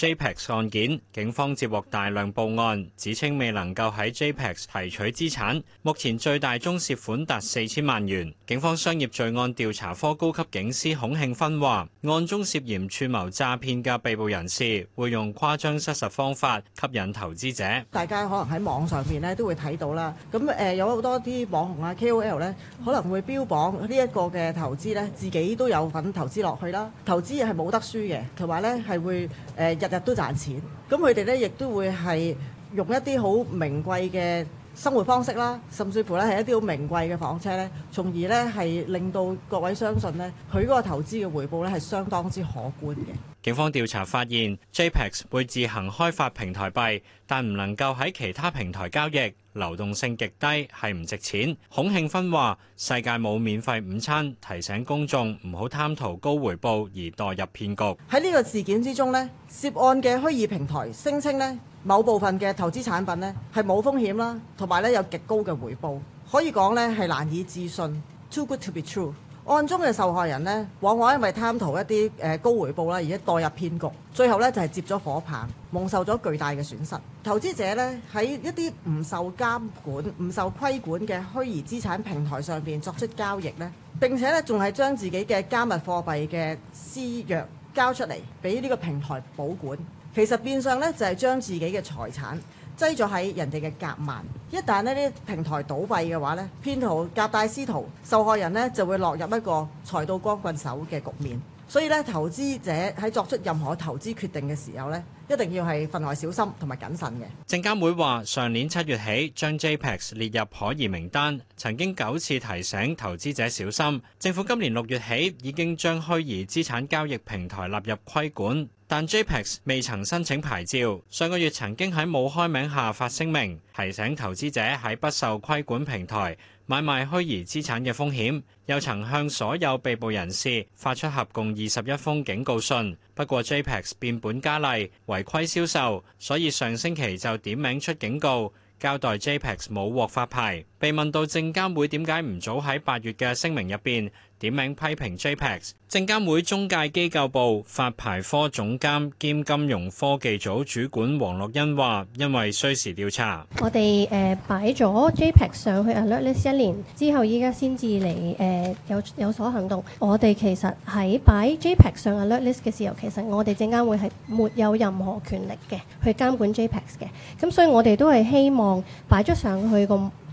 JPEX 案件，警方接獲大量報案，指稱未能夠喺 JPEX 提取資產。目前最大宗涉款達四千萬元。警方商業罪案調查科高級警司孔慶芬話：案中涉嫌串謀詐騙嘅被捕人士，會用誇張失實方法吸引投資者。大家可能喺網上面咧都會睇到啦。咁誒，有好多啲網紅啊、KOL 咧，可能會標榜呢一個嘅投資咧，自己都有份投資落去啦。投資係冇得輸嘅，同埋咧係會誒。日日都賺錢，咁佢哋咧亦都會係用一啲好名貴嘅。生活方式啦，甚至乎咧係一啲好名貴嘅房車咧，從而咧係令到各位相信咧，佢嗰個投資嘅回報咧係相當之可觀嘅。警方調查發現 j p e x 會自行開發平台幣，但唔能夠喺其他平台交易，流動性極低，係唔值錢。孔慶芬話世界冇免費午餐，提醒公眾唔好貪圖高回報而墮入騙局。喺呢個事件之中咧，涉案嘅虛擬平台聲稱咧。某部分嘅投資產品呢，係冇風險啦，同埋呢有極高嘅回報，可以講呢，係難以置信，too good to be true。案中嘅受害人呢，往往因為貪圖一啲誒高回報啦，而墮入騙局，最後呢，就係接咗火棒，蒙受咗巨大嘅損失。投資者呢，喺一啲唔受監管、唔受規管嘅虛擬資產平台上邊作出交易呢，並且呢，仲係將自己嘅加密貨幣嘅私鑰，交出嚟俾呢個平台保管，其實變相呢就係將自己嘅財產擠咗喺人哋嘅夾萬，一旦呢啲平台倒閉嘅話呢，騙徒夾帶私逃，受害人呢就會落入一個財到光棍手嘅局面。所以咧，投資者喺作出任何投資決定嘅時候咧，一定要係分外小心同埋謹慎嘅。證監會話，上年七月起將 JPEX 列入可疑名單，曾經九次提醒投資者小心。政府今年六月起已經將虛擬資產交易平台納入規管，但 JPEX 未曾申請牌照。上個月曾經喺冇開名下發聲明，提醒投資者喺不受規管平台買賣虛擬資產嘅風險，又曾向所有被捕人士發出合共二十一封警告信。不過 JPEX 變本加厲違規銷售，所以上星期就點名出警告，交代 JPEX 冇獲發牌。被問到證監會點解唔早喺八月嘅聲明入邊點名批評 JPEX，證監會中介機構部發牌科總監兼金融科技組主管黃樂欣話：因為需時調查，我哋誒擺咗 JPEX 上去 alert list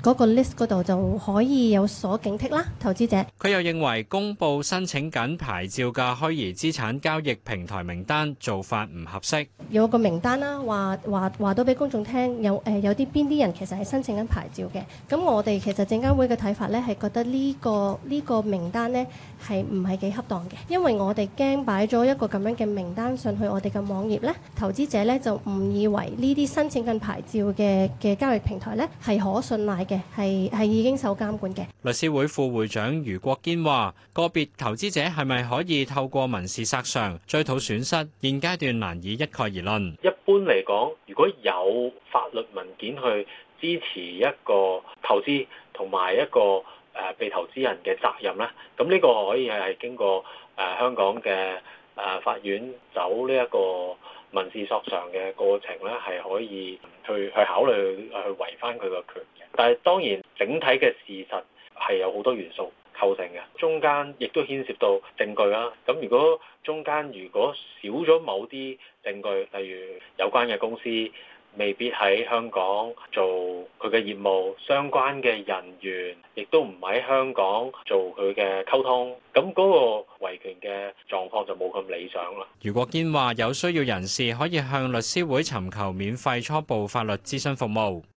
嗰個 list 嗰度就可以有所警惕啦，投資者。佢又認為公布申請緊牌照嘅虛擬資產交易平台名單做法唔合適，有個名單啦，話話話到俾公眾聽有誒、呃、有啲邊啲人其實係申請緊牌照嘅。咁我哋其實證監會嘅睇法咧，係覺得呢個呢個名單咧係唔係幾恰當嘅，因為我哋驚擺咗一個咁樣嘅名單上去我哋嘅網頁咧，投資者咧就誤以為呢啲申請緊牌照嘅嘅交易平台咧係可信賴。係已經受監管嘅。律師會副會長余國堅話，個別投資者係咪可以透過民事索償追討損失？現階段難以一概而論。一般嚟講，如果有法律文件去支持一個投資，同埋一個誒被投資人嘅責任，咁呢個可以係經過誒香港嘅法院走呢一個。民事索償嘅過程咧，係可以去去考慮去維翻佢個權嘅。但係當然，整體嘅事實係有好多元素構成嘅，中間亦都牽涉到證據啦。咁如果中間如果少咗某啲證據，例如有關嘅公司，未必喺香港做佢嘅業務相關嘅人員亦都唔喺香港做佢嘅溝通，咁嗰個維權嘅狀況就冇咁理想啦。余國堅話：有需要人士可以向律師會尋求免費初步法律諮詢服務。